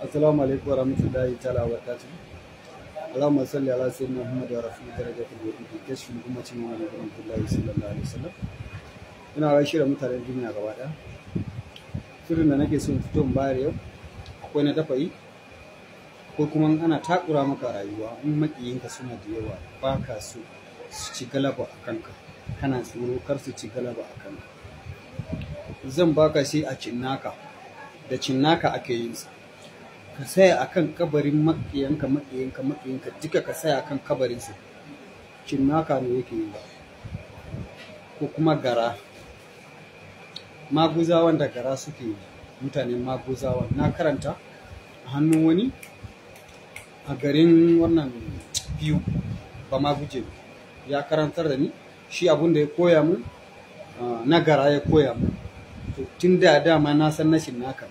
assalamu alaikum rahmatullahi ta'ala wabarakatuh Allahumma salli ala sayyidina Muhammad wa rafi'i darajatul wudu kashfin ummati wa ala nabiyillahi sallallahu alaihi wasallam ina rashi da mutanen duniya gaba daya shirin da nake so fito in bayar yau akwai na yi. ko kuma ana takura maka rayuwa in makiyinka suna da yawa ba ka so su ci galaba a kanka kana tsoro kar su ci galaba a kanka zan baka sai a cinnaka da cinnaka ake yin sa ka saya akan kabarin maƙiyanka maƙiyanka maƙiyanka duka ka saya akan su cin naka ne yake yi ba ko kuma gara maguzawan da gara suke yi mutanen maguzawan na karanta a hannun wani a garin wannan biyu ba ma guje ya karantar da ni shi abun da ya koya mu ah, na gara ya koya mu tun da dama na san nashin naka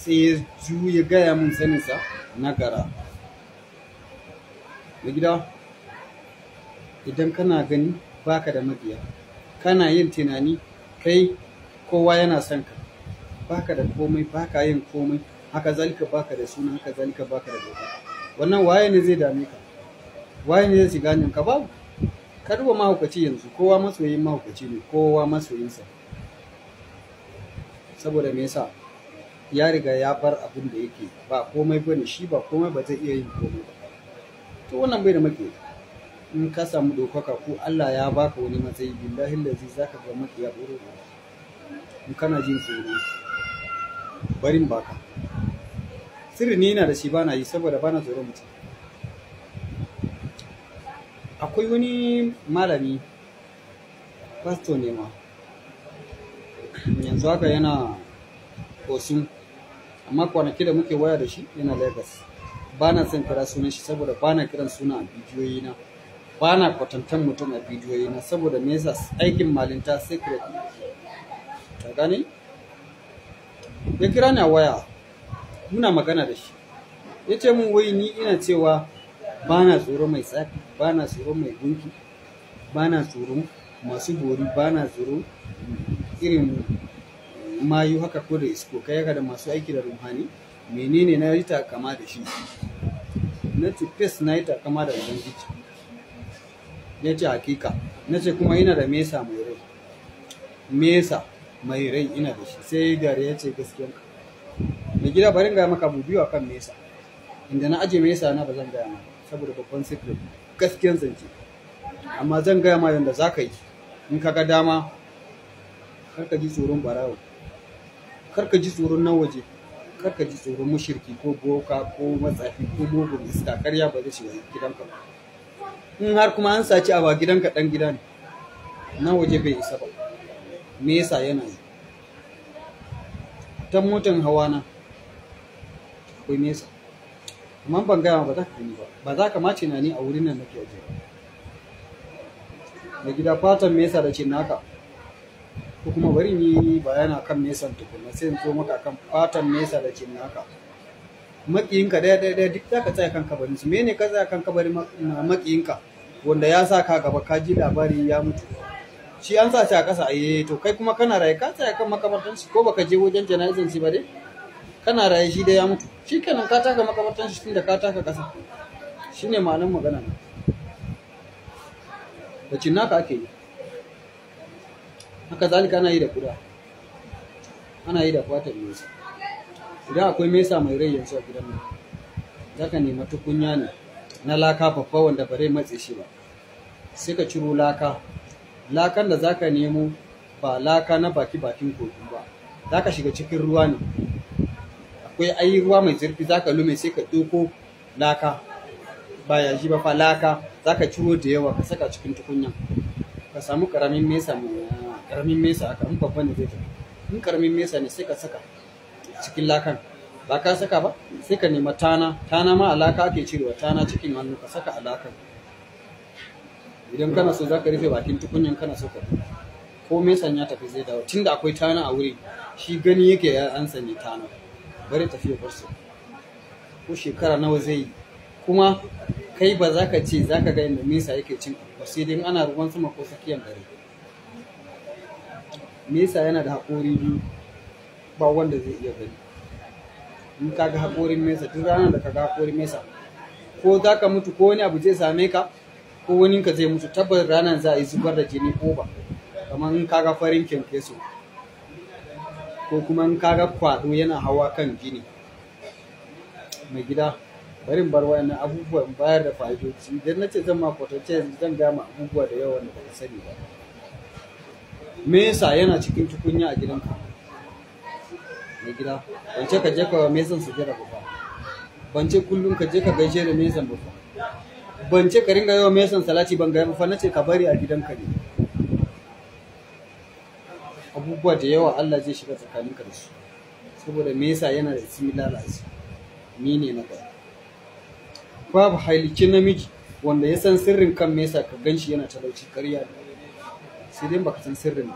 sai ya juya gaya min saninsa na gara na gida idan kana gani baka da mabiya kana yin tunani kai kowa yana son ka baka da komai baka yin komai haka zalika baka da suna haka zalika baka da gobe wannan waye ne zai dame ka waye ne zai shiga ka ba? ka duba mahaukaci yanzu kowa masoyin mahaukaci ne kowa masoyinsa saboda me yasa ya riga ya bar abin da yake ba komai bane shi ba komai ba zai iya yin komai ba to wannan bai da maki in ka samu dokaka ko Allah ya baka wani matsayi billahi lazi zaka ga maki ya buru in kana jin tsoro barin baka sirri ni yana da shi bana yi saboda bana tsoron mutum akwai wani malami pastor ne ma yanzu haka yana kosin amma kwanaki da muke waya da shi yana Lagos ba na son kira sunan shi saboda ba na kiran suna a bidiyoyi na ba na kwatantan mutum a bidiyoyi na saboda me yasa aikin malinta secret ta gani ya kira ni a waya muna magana da shi ya ce min wai ni ina cewa ba na tsoro mai tsafi ba na tsoro mai gunki ba na tsoro masu bori ba na tsoro irin mayu haka ko da isko kai haka da masu aiki da ruhani menene na yi takama da shi na ce fes na yi takama da ubangiji ya ce hakika na ce kuma ina da mesa mai rai mesa mai rai ina da shi sai gare ya ce gaskiyan mai gida barin gaya maka abu biyu akan mesa inda na aje mesa na ba zan gaya ma, saboda babban secret gaskiyan zance amma zan gaya ma yadda za ka yi in ka ga dama kar ka ji tsoron barawa karka ji tsoron nan waje karka ji tsoron mushirki ko boka ko matsafi ko mugun iska karya ba zai shiga gidanka ba in har kuma an saci a ba gidanka dan gida ne Nan waje bai isa ba me yasa yana yi ta motan hawa na akwai nesa amma ban gaya ba za ka gani ba ba za ka ma ni a wurin nan nake aje na gida fatan me yasa da ce naka ko kuma bari ni bayana kan mesan tukunna sai in zo maka kan fatan nesa da ke naka makiyinka daya daya daya duk zaka tsaya kan kabarin su mene ka tsaya kan kabarin makiyinka wanda ya sa ka gaba ka ji labari ya mutu shi an sa shi a ƙasa eh to kai kuma kana raye ka tsaya kan makabartan shi ko baka je wajen jana'izan shi ba dai kana raye shi da ya mutu shi kenan ka taka makabartan shi tunda ka taka ƙasa shine ma'anar magana da cinnaka ake yi haka zalika ana yi da kuda ana yi da fatar mesa idan akwai mesa mai rai yanzu a gidan nan za ka nema tukunya ne na laka babba wanda ba zai matse shi ba sai ka ciro laka lakan da za ka nemo ba laka na baki bakin kogi ba za ka shiga cikin ruwa ne akwai ayi ruwa mai zurfi za ka lume sai ka ɗoko laka ba yaji ba fa laka za ka ciro da yawa ka saka cikin tukunya ka samu ƙaramin mesa mai karamin mesa a in babban ne zai tafi in karamin mesa ne sai ka saka cikin lakan ba ka saka ba sai ka nema tana tana ma alaka ake cirewa tana cikin hannu ka saka alakan idan kana so za ka rufe bakin tukunyan kana so ka ko mesan ya tafi zai dawo tunda akwai tana a wuri shi gani yake ya an sanya tana bari tafi ya bar su ko shekara nawa zai yi kuma kai ba za ka ce za ka ga inda mesa yake cin ba sai dai ana ruwan sama ko tsakiyar dare mesa yana da haƙori biyu ba wanda zai iya gani in ka ga haƙorin mesa duk rana da ka ga haƙorin mesa ko za ka mutu ko wani abu zai same ka ko wani ka zai mutu tabbas ranar za a yi zubar da jini ko ba kamar in ka ga farin kyankyaso ko kuma in ka ga kwaɗo yana hawa kan gini mai gida barin bar wayannan abubuwan bayar da fa'idoci idan na ce zan ma kwatance zan gama abubuwa da yawa da ba sani ba me yasa yana cikin tukunya a gidanka mai gida Ban ce ka je ka mesan su jira ba ce kullum ka je ka gaishe da mesan ba ce ka ringa yawa mesan salati ban gaya ba nace ka bari a gidanka ne abubuwa da yawa Allah zai shiga tsakaninka da su saboda me yasa yana da similar as ni ne na gaba babu hailikin namiji wanda ya san sirrin kan mesa ka ganshi yana talauci karya da sai dai baka san sirrin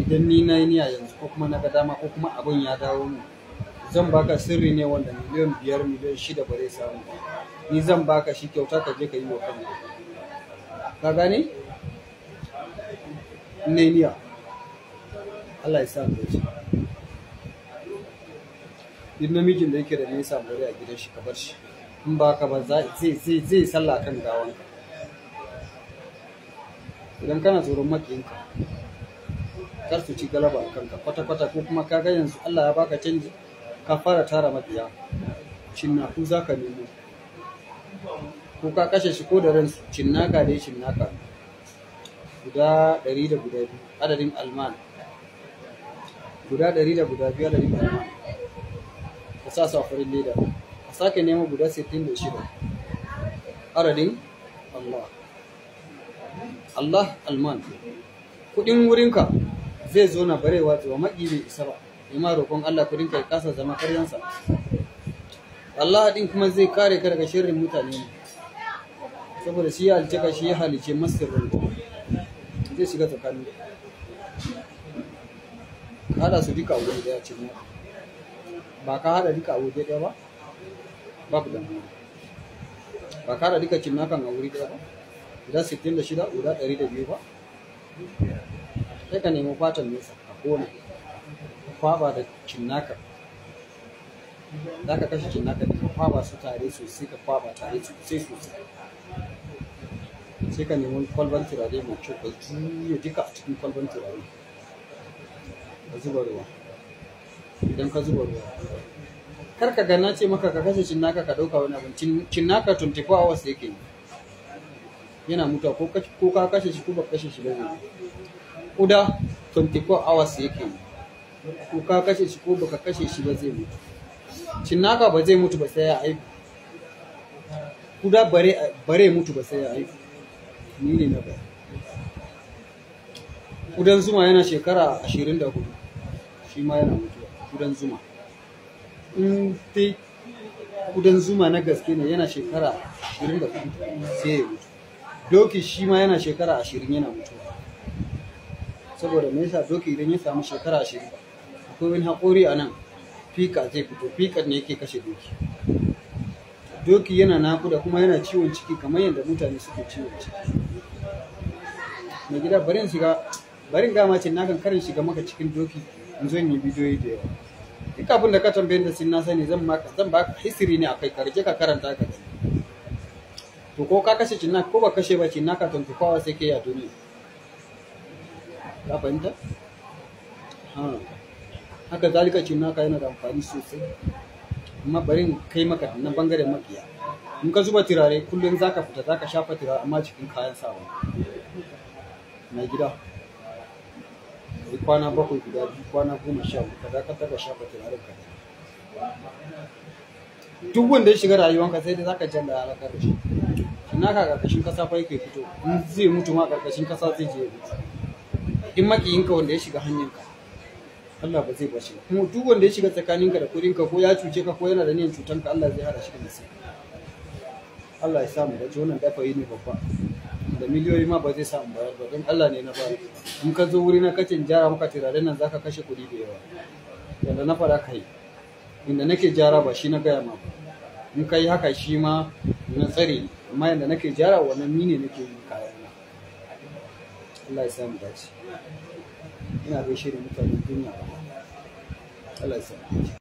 idan ni na yi niyya yanzu ko kuma na ga dama ko kuma abin ya dawo mu zan baka sirri ne wanda miliyan biyar miliyan shida ba zai samu ba? ni zan baka shi kyauta ka je ka yi wa kanka ka gane ne niyya Allah ya sa mu dace duk namijin da yake da nesa bari a gidan shi ka bar shi in ba ka ba zai zai zai sallah kan gawanka idan kana tsoron makiyinka kar su ci galaba a kanka kwata-kwata ko kuma ka ga yanzu Allah ya baka canji ka fara tara cinna ku za ka nemo ko ka kashe shi ko da ransu cinnaka dai cinnaka guda ɗari da guda biyu adadin alman guda ɗari da guda biyu adadin alman ka sa su a farin leda ka sake nemo guda sittin da shida adadin Allah Allah alman kudin wurinka zai zo na barewa ce wa maƙi bai isa ba ima roƙon Allah kudin ka kasa zama karyansa Allah din kuma zai kare ka daga shirin mutane ne saboda shi ya alcika shi ya halice masir rubu zai shiga tsakanin hada su duka wuri daya ce ne ba ka hada duka wuri daya ba ba ku da ba ka hada duka cin nakan a wuri daya ba sittin da shida, guda 66 da biyu ba sai ka nemi fatan nesa a kona kwaba da cinnaka za ka kashe cinnaka da kwaba su tare sosai ka kwaba tare sosai sosai sai ka nemi kwalban turare mai kyau ka juya duka a cikin kwalban turare ka zuba ruwa idan ka zuba ruwa kar ka na ce maka ka kashe cinnaka ka ɗauka wani abin cinnaka 24 hours yake yi yana mutuwa ko ka kashe shi ko ba kashe shi ba zai kuda 24 hours yake ko ka kashe shi ko ka kashe shi ba zai mutu cinnaka ba zai mutu ba sai ya aiki kuda bare bare mutu ba sai ya aiki ni ne na ba. kudan zuma yana shekara 24 shi ma yana mutuwa kudan zuma in dai kudan zuma na gaske ne yana shekara 24 sai ya mutu doki shi ma yana shekara ashirin yana mutuwa saboda me yasa doki idan ya samu shekara ashirin akwai wani haƙori a nan fika zai fito fika ne yake kashe doki doki yana nakuda kuma yana ciwon ciki kamar yadda mutane suke ciwon ciki mai gida barin shiga barin gama ce na kan karin shiga maka cikin doki in zo in yi bidiyoyi da yawa duk da ka tambaye da sin na sani zan maka zan baka hisiri ne akai ka rike ka karanta ka gani to ko ka kashe cinna ko ba kashe ba cinna ka tantu kawa sai ke yato duniya ka fahimta Ha, haka zalika cinna ka yana da amfani sosai amma barin kai maka na bangaren makiya in ka zuba turare kullum zaka fita zaka shafa turare amma cikin kayan sawa na gida kai kwana bakwai guda biyu kwana goma sha hudu ka ka taba shafa turaren ka duk wanda ya shiga rayuwanka sai dai zaka canza halakar da shi naka karkashin kasa fa yake fito in zai mutu ma karkashin kasa zai je mutu in makiyinka wanda ya shiga hanyar ka. Allah ba zai bashi kuma duk wanda ya shiga tsakaninka da kudinka ko ya cuce ka ko yana da niyan cutanka Allah zai hada shi da nasi Allah ya samu da wannan dafa yi ne babba da miliyoyi ma ba zai samu bayar ba don Allah ne na ba in ka zo wuri na ka jara maka tiraren nan zaka kashe kuɗi da yawa yanda na fara kai inda nake jara ba shi na gaya ma ba in ka yi haka shi ma na tsare amma yadda nake jara wannan ni ne nake yi kayan na Allah ya sa mu dace ina gaishe da mutanen duniya Allah ya sa